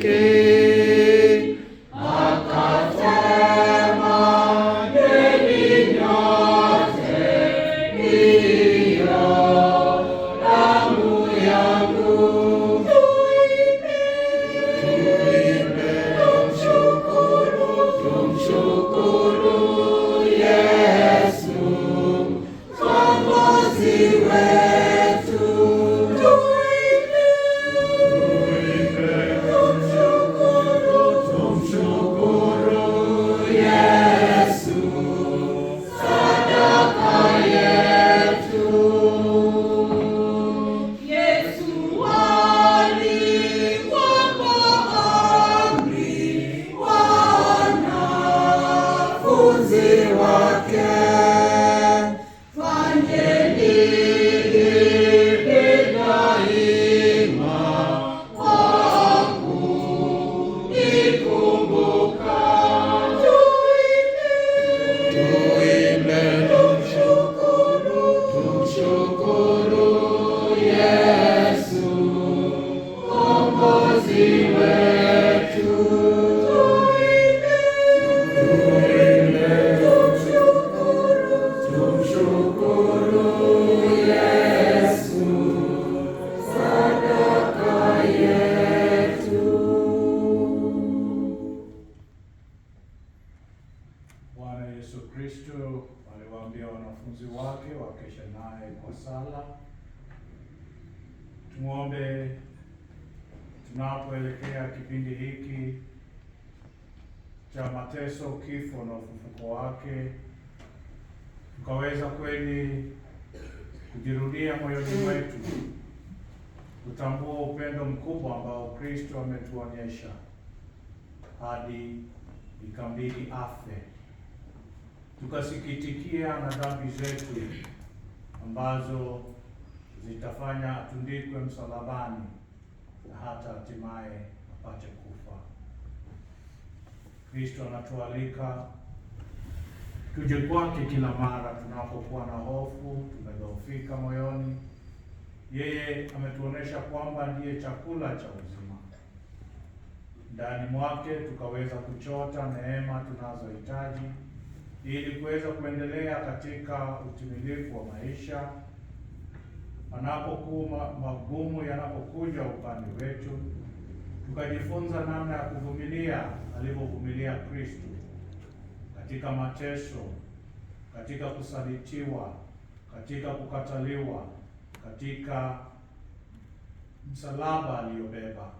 good. kipindi hiki cha mateso, kifo na ufufuko wake, tukaweza kweli kujirudia moyoni mwetu kutambua upendo mkubwa ambao Kristo ametuonyesha hadi ikambidi afe, tukasikitikia na dhambi zetu ambazo zitafanya atundikwe msalabani na hata hatimaye apate kufa. Kristo anatualika tuje kwake kila mara tunapokuwa na hofu, tumedhoofika moyoni. Yeye ametuonesha kwamba ndiye chakula cha uzima, ndani mwake tukaweza kuchota neema tunazohitaji ili kuweza kuendelea katika utimilifu wa maisha. Anapokuwa magumu yanapokuja upande wetu tukajifunza namna ya kuvumilia alivyovumilia Kristo katika mateso, katika kusalitiwa, katika kukataliwa, katika msalaba aliyobeba.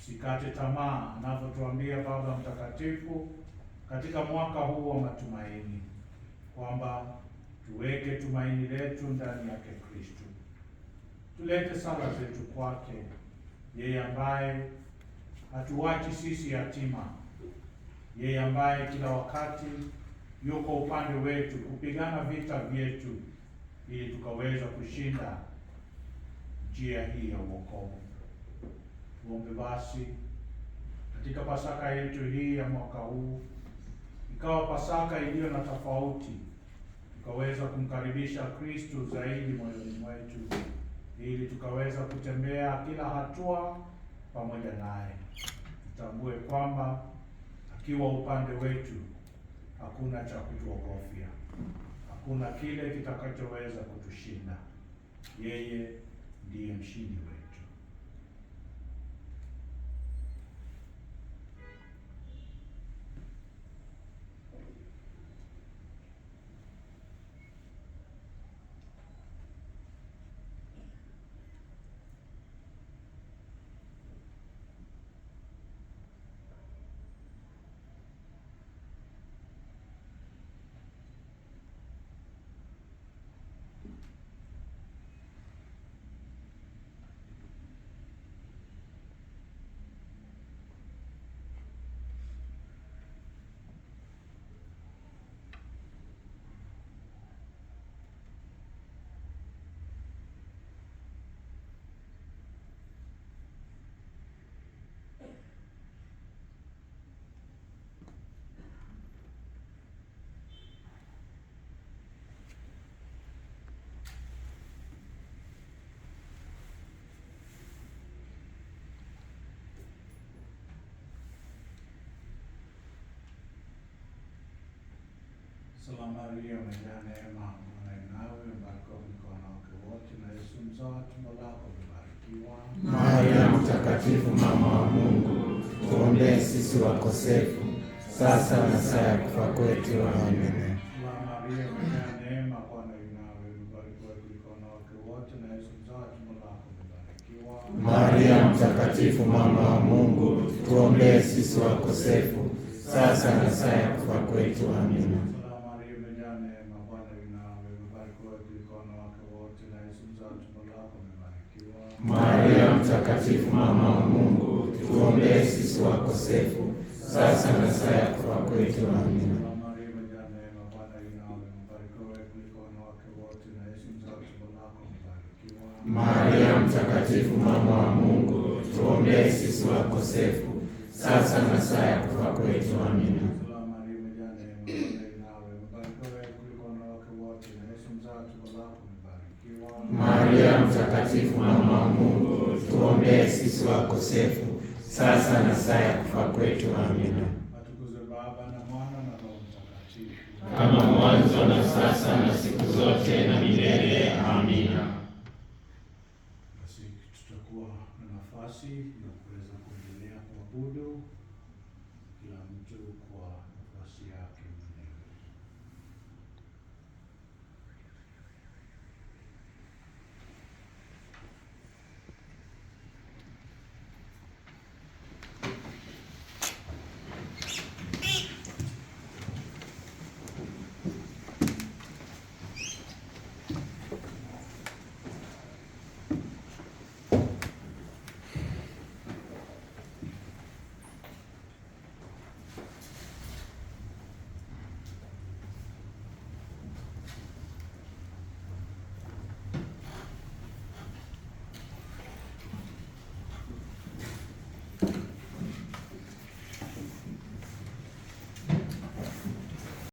Sikate tamaa, anavyotuambia Baba Mtakatifu katika mwaka huu wa matumaini, kwamba tuweke tumaini letu ndani yake Kristo, tulete sala zetu kwake yeye ambaye hatuwachi sisi yatima, yeye ambaye kila wakati yuko upande wetu kupigana vita vyetu ili tukaweza kushinda njia hii ya uokovu. Tuombe basi katika Pasaka yetu hii ya mwaka huu ikawa Pasaka iliyo na tofauti, tukaweza kumkaribisha kristu zaidi moyoni mwetu ili tukaweza kutembea kila hatua pamoja naye. Tutambue kwamba akiwa upande wetu hakuna cha kutuogofya, hakuna kile kitakachoweza kutushinda. Yeye ndiye mshindi wetu. Salama Maria, umejaa neema, Bwana yu nawe, umebarikiwa kuliko wanawake wote, na Yesu mzao tumbo lako umebarikiwa. Maria Mtakatifu, mama wa Mungu, tuombee sisi wakosefu, sasa na saa ya kufa kwetu. Amen. Maria Mtakatifu, mama wa Mungu, tuombee sisi wakosefu, sasa na saa ya kufa kwetu. Amina. Mtakatifu mama wa Mungu, tuombee sisi wakosefu, sasa na saa ya kufa kwetu. Amina. Maria Mtakatifu, mama wa Mungu, tuombee sisi wakosefu, sasa na saa ya kufa kwetu. Amina. sasa na saa ya kufa kwetu. Amina. Atukuzwe Baba na Mwana na Roho Mtakatifu, kama mwanzo na sasa na siku zote na milele. Amina. Basi tutakuwa na nafasi ya kuweza kuendelea kuabudu kila mtu kwa